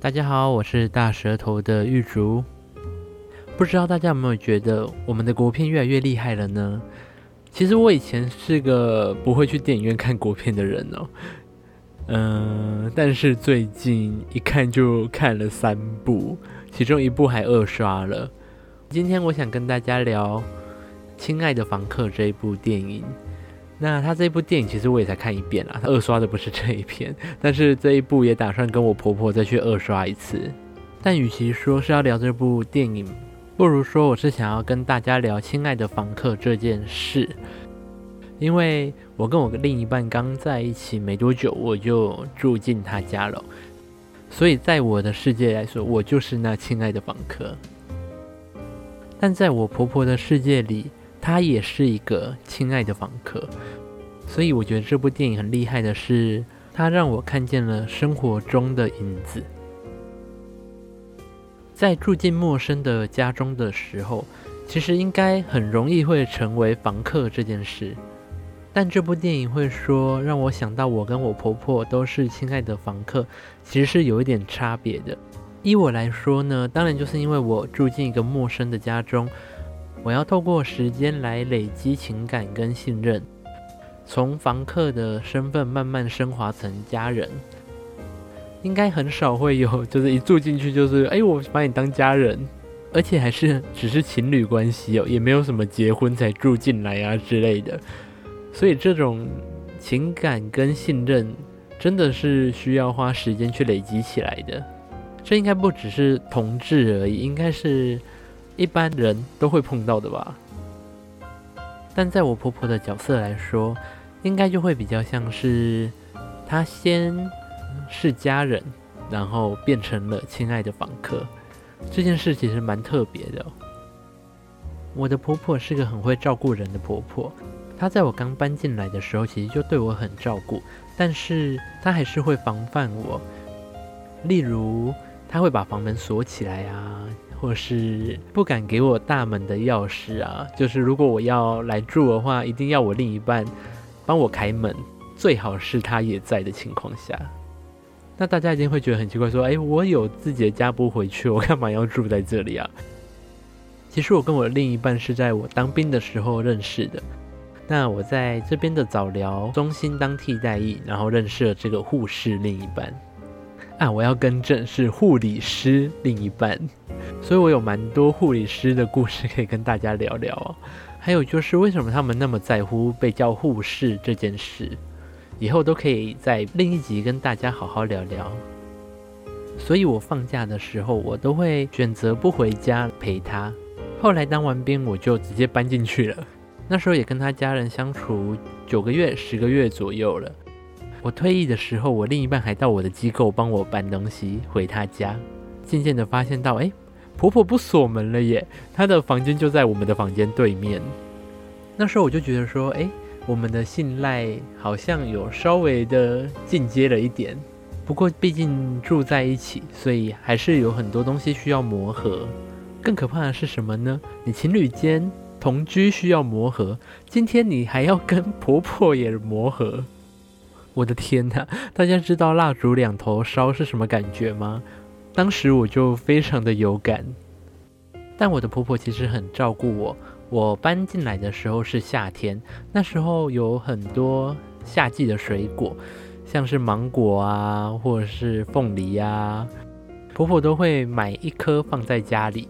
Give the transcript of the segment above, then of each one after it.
大家好，我是大舌頭的玉竹。不知道大家有沒有覺得我們的國片越來越厲害了呢？其實我以前是個不會去電影院看國片的人哦。嗯，但是最近一看就看了三部，其中一部還二刷了。今天我想跟大家聊《親愛的房客》這一部電影。那他這部電影其實我也才看一遍啦，他二刷的不是這一片，但是這一部也打算跟我婆婆再去二刷一次。但與其說是要聊這部電影，不如說我是想要跟大家聊“親愛的房客”這件事，因為我跟我另一半剛在一起沒多久，我就住進他家了，所以在我的世界來說，我就是那親愛的房客。但在我婆婆的世界裡，他也是一個親愛的房客，所以我覺得這部電影很厲害的是，它讓我看見了生活中的影子。在住進陌生的家中的時候，其實應該很容易會成為房客這件事，但這部電影會說，讓我想到我跟我婆婆都是親愛的房客，其實是有一點差別的。依我來說呢，當然就是因為我住進一個陌生的家中。我要透過時間來累積情感跟信任，從房客的身份慢慢升華成家人。應該很少會有，就是一住進去就是，哎、欸，我把你當家人，而且還是只是情侶關係哦，也沒有什麼結婚才住進來啊之類的。所以這種情感跟信任真的是需要花時間去累積起來的。這應該不只是同志而已，應該是。一般人都會碰到的吧，但在我婆婆的角色來說，應該就會比較像是她先是家人，然後變成了親愛的房客。這件事其實蠻特別的。我的婆婆是個很會照顧人的婆婆，她在我剛搬進來的時候，其實就對我很照顧，但是她還是會防範我，例如，他會把房門鎖起來啊，或是不敢給我大門的鑰匙啊。就是如果我要來住的話，一定要我另一半幫我開門，最好是他也在的情況下。那大家一定會覺得很奇怪，說：“哎，我有自己的家，不回去，我幹嘛要住在這裡啊？”其實我跟我另一半是在我當兵的時候認識的。那我在這邊的早療中心當替代役，然後認識了這個護士另一半。啊，我要更正，是護理師另一半，所以我有蠻多護理師的故事可以跟大家聊聊哦。還有就是為什麼他們那麼在乎被叫護士這件事，以後都可以在另一集跟大家好好聊聊。所以我放假的時候，我都會選擇不回家陪他。後來當完兵，我就直接搬進去了。那時候也跟他家人相處九個月、十個月左右了。我退役的時候，我另一半還到我的機構幫我搬東西回他家。漸漸的發現到，哎、欸，婆婆不鎖門了耶，她的房間就在我們的房間對面。那時候我就覺得說，哎、欸，我們的信賴好像有稍微的進階了一點。不過畢竟住在一起，所以還是有很多東西需要磨合。更可怕的是什麼呢？你情侶間同居需要磨合，今天你還要跟婆婆也磨合。我的天吶、啊，大家知道蠟燭兩頭燒是什麼感覺嗎？當時我就非常的有感。但我的婆婆其實很照顧我。我搬進來的時候是夏天，那時候有很多夏季的水果，像是芒果啊，或者是鳳梨呀、啊，婆婆都會買一顆放在家裡。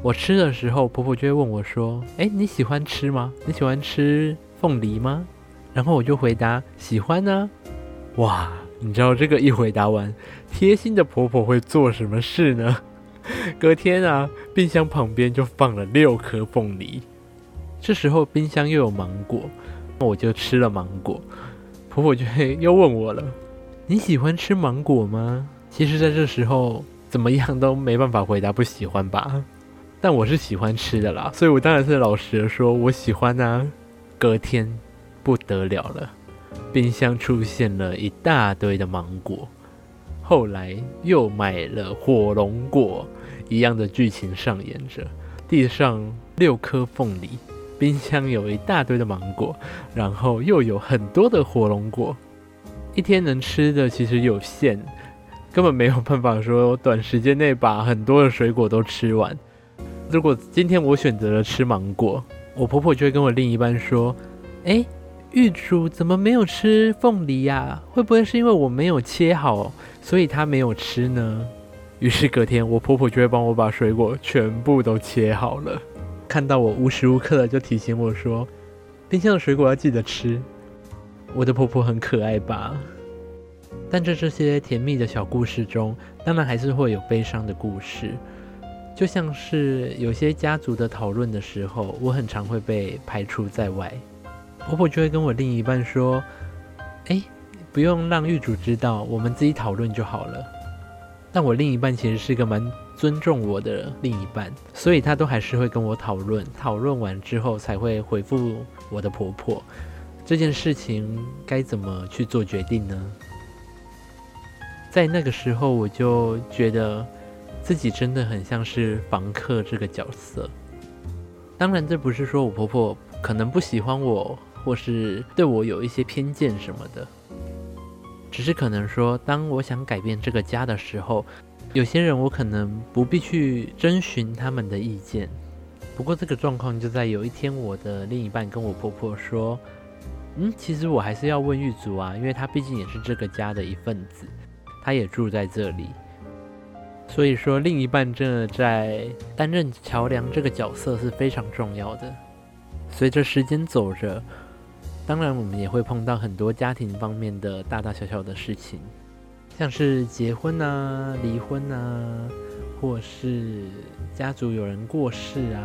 我吃的時候，婆婆就會問我說：“哎，你喜歡吃嗎？你喜歡吃鳳梨嗎？”然後我就回答喜歡呢、啊，哇，你知道這個一回答完，貼心的婆婆會做什麼事呢？隔天啊，冰箱旁邊就放了六顆鳳梨。這時候冰箱又有芒果，那我就吃了芒果。婆婆就又問我了，你喜歡吃芒果嗎？其實，在這時候怎麼樣都沒辦法回答不喜歡吧，但我是喜歡吃的啦，所以我當然是老實的說我喜歡呢、啊。隔天，不得了了，冰箱出現了一大堆的芒果，後來又買了火龍果，一樣的劇情上演着。地上六顆鳳梨，冰箱有一大堆的芒果，然後又有很多的火龍果。一天能吃的其實有限，根本沒有辦法說短時間內把很多的水果都吃完。如果今天我選擇了吃芒果，我婆婆就會跟我另一半說：“誒……玉主怎麼沒有吃鳳梨呀？會不會是因為我沒有切好，所以她沒有吃呢？於是隔天，我婆婆就會幫我把水果全部都切好了。看到我無時無刻的就提醒我說，冰箱的水果要記得吃。我的婆婆很可愛吧？但在這些甜蜜的小故事中，當然還是會有悲傷的故事。就像是有些家族的討論的時候，我很常會被排除在外。婆婆就會跟我另一半說：“哎，不用讓玉竹知道，我們自己討論就好了。”但我另一半其實是個蠻尊重我的另一半，所以他都還是會跟我討論，討論完之後才會回復我的婆婆。這件事情該怎麼去做決定呢？在那個時候，我就覺得自己真的很像是房客這個角色。當然，這不是說我婆婆可能不喜歡我。或是對我有一些偏見什麼的，只是可能說，當我想改變這個家的時候，有些人我可能不必去徵詢他們的意見。不過這個狀況就在有一天，我的另一半跟我婆婆說：“嗯，其實我還是要問玉竹啊，因為她畢竟也是這個家的一份子，她也住在這裡。”所以說，另一半真的在擔任橋梁這個角色是非常重要的。隨着時間走着。當然，我們也會碰到很多家庭方面的大大小小的事情，像是結婚啊、離婚啊，或是家族有人過世啊、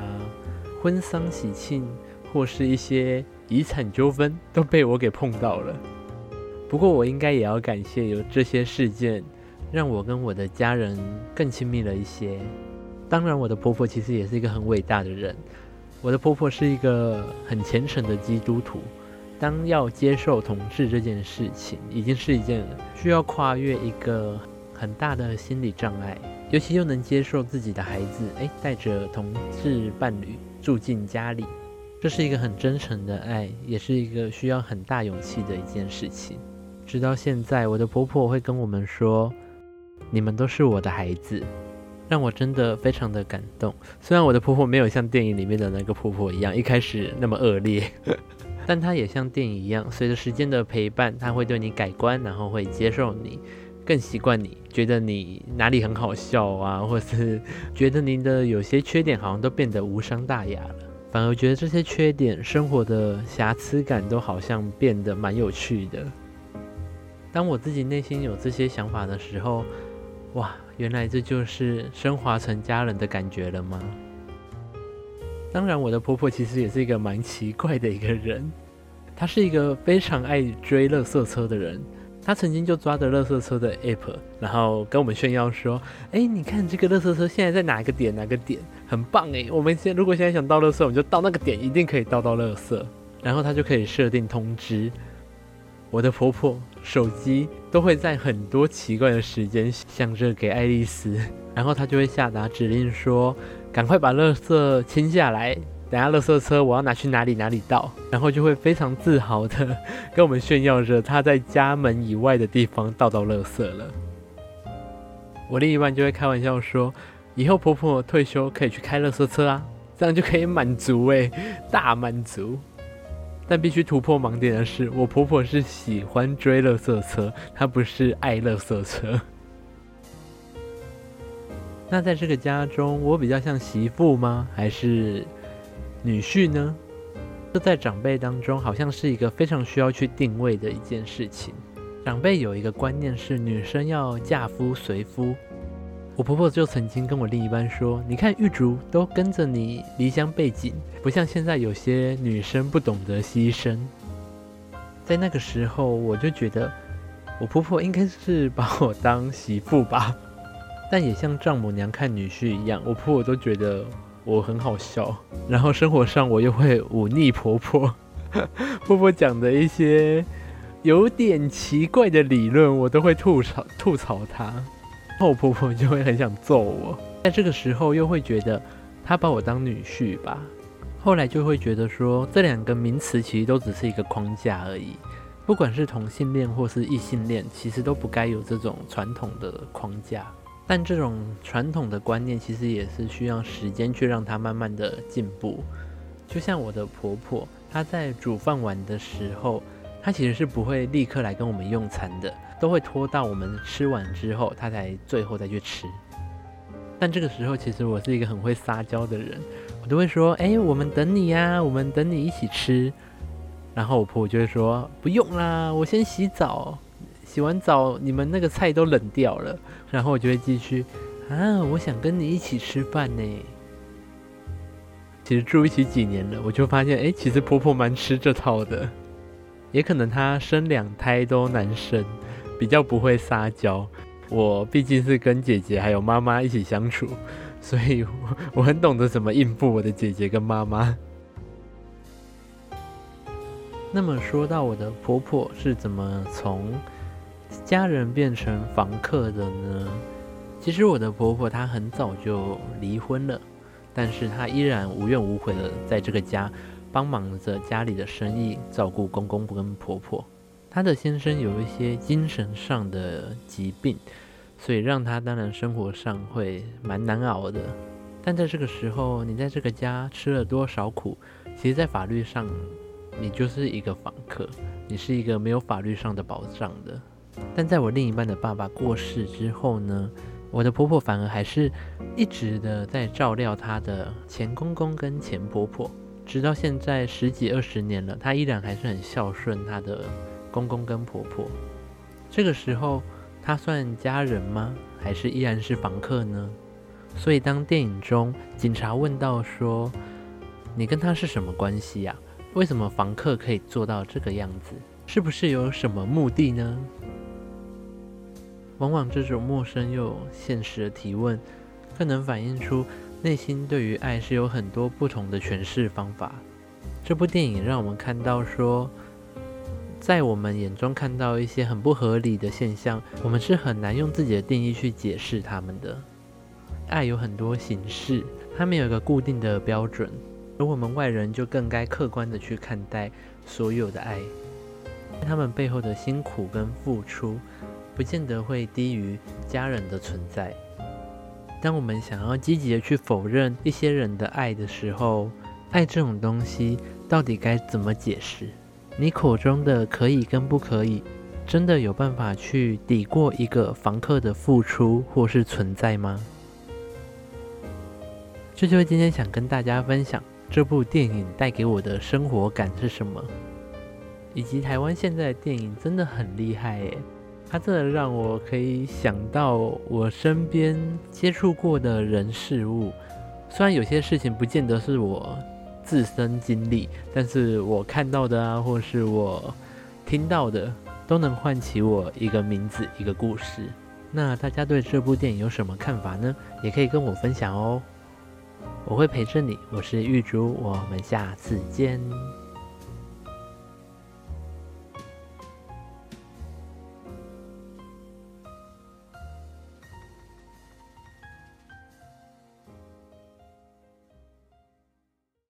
婚喪喜慶，或是一些遺產糾紛，都被我給碰到了。不過，我應該也要感謝有這些事件，讓我跟我的家人更親密了一些。當然，我的婆婆其實也是一個很偉大的人。我的婆婆是一個很虔誠的基督徒。當要接受同志這件事情，已經是一件需要跨越一個很大的心理障礙，尤其又能接受自己的孩子誒，帶着同志伴侶住進家裡，這是一個很真誠的愛，也是一個需要很大勇氣的一件事情。直到現在，我的婆婆會跟我們說：“你們都是我的孩子”，讓我真的非常的感動。雖然我的婆婆沒有像電影裡面的那個婆婆一樣，一開始那麼惡劣。 但它也像電影一樣，隨着時間的陪伴，它會對你改觀，然後會接受你，更習慣你。覺得你哪裡很好笑啊，或是覺得您的有些缺點好像都變得無傷大雅了，反而覺得這些缺點、生活的瑕疵感都好像變得蠻有趣的。當我自己內心有這些想法的時候，哇，原來這就是升華成家人的感覺了嗎？當然，我的婆婆其實也是一個蠻奇怪的一個人。她是一個非常愛追垃圾車的人。她曾經就抓着垃圾車的 app，然後跟我們炫耀說：“誒，你看這個垃圾車現在在哪個點，哪個點，很棒誒，我們現在如果現在想倒垃圾，我們就到那個點，一定可以倒倒垃圾。”然後她就可以設定通知。我的婆婆。手機都會在很多奇怪的時間響著給愛麗絲，然後她就會下達指令說：“趕快把垃圾清下來，等下垃圾車我要拿去哪裡哪裡倒。”然後就會非常自豪的跟我們炫耀着她在家門以外的地方倒到垃圾了。我另一半就會開玩笑說：“以後婆婆退休可以去開垃圾車啊，這樣就可以滿足誒、欸，大滿足。”但必須突破盲點的是，我婆婆是喜歡追垃圾車，她不是愛垃圾車。 那在這個家中，我比較像媳婦嗎？還是女婿呢？這在長輩當中好像是一個非常需要去定位的一件事情。長輩有一個觀念是，女生要嫁夫隨夫。我婆婆就曾經跟我另一半說：“你看玉竹都跟着你離鄉背井，不像現在有些女生不懂得犧牲。”在那個時候，我就覺得我婆婆應該是把我當媳婦吧，但也像丈母娘看女婿一樣，我婆婆都覺得我很好笑。然後生活上我又會忤逆婆婆， 婆婆講的一些有點奇怪的理論，我都會吐槽吐槽她。後婆婆就會很想揍我，在這個時候又會覺得她把我當女婿吧。後來就會覺得說，這兩個名詞其實都只是一個框架而已。不管是同性戀或是異性戀，其實都不該有這種傳統的框架。但這種傳統的觀念其實也是需要時間去讓它慢慢的進步。就像我的婆婆，她在煮飯碗的時候。他其實是不會立刻來跟我們用餐的，都會拖到我們吃完之後，他才最後再去吃。但這個時候，其實我是一個很會撒嬌的人，我都會說：“哎，我們等你呀，我們等你一起吃。”然後我婆婆就會說：“不用啦，我先洗澡，洗完澡你們那個菜都冷掉了。”然後我就會繼續：“啊，我想跟你一起吃飯呢。”其實住一起幾年了，我就發現，哎，其實婆婆蠻吃這套的。也可能她生兩胎都男生，比較不會撒嬌。我畢竟是跟姐姐還有媽媽一起相處，所以我，我很懂得怎麼應付我的姐姐跟媽媽。那麼說到我的婆婆是怎麼從家人變成房客的呢？其實我的婆婆她很早就離婚了，但是她依然無怨無悔的在這個家幫忙着家裡的生意，照顧公公跟婆婆。她的先生有一些精神上的疾病，所以讓她當然生活上會蠻難熬的。但在這個時候，你在這個家吃了多少苦，其實，在法律上，你就是一個房客，你是一個沒有法律上的保障的。但在我另一半的爸爸過世之後呢，我的婆婆反而還是一直的在照料她的前公公跟前婆婆。直到現在十幾二十年了，她依然還是很孝順她的公公跟婆婆。這個時候，她算家人嗎？還是依然是房客呢？所以，當電影中警察問到說：“你跟她是什麼關係呀、啊？為什麼房客可以做到這個樣子？是不是有什麼目的呢？”往往這種陌生又現實的提問，更能反映出。內心對於愛是有很多不同的詮釋方法。這部電影讓我們看到說，說在我們眼中看到一些很不合理的現象，我們是很難用自己的定義去解釋他們的。愛有很多形式，他們有一個固定的標準，而我們外人就更該客觀地去看待所有的愛，他們背後的辛苦跟付出，不見得會低於家人的存在。當我們想要積極的去否認一些人的愛的時候，愛這種東西到底該怎麼解釋？你口中的可以跟不可以，真的有辦法去抵過一個房客的付出或是存在嗎？這就是今天想跟大家分享這部電影帶給我的生活感是什麼，以及台灣現在的電影真的很厲害耶。它這讓我可以想到我身邊接觸過的人事物，雖然有些事情不見得是我自身經歷，但是我看到的啊，或是我聽到的，都能喚起我一個名字，一個故事。那大家對這部電影有什麼看法呢？也可以跟我分享哦，我會陪着你。我是玉竹，我們下次見。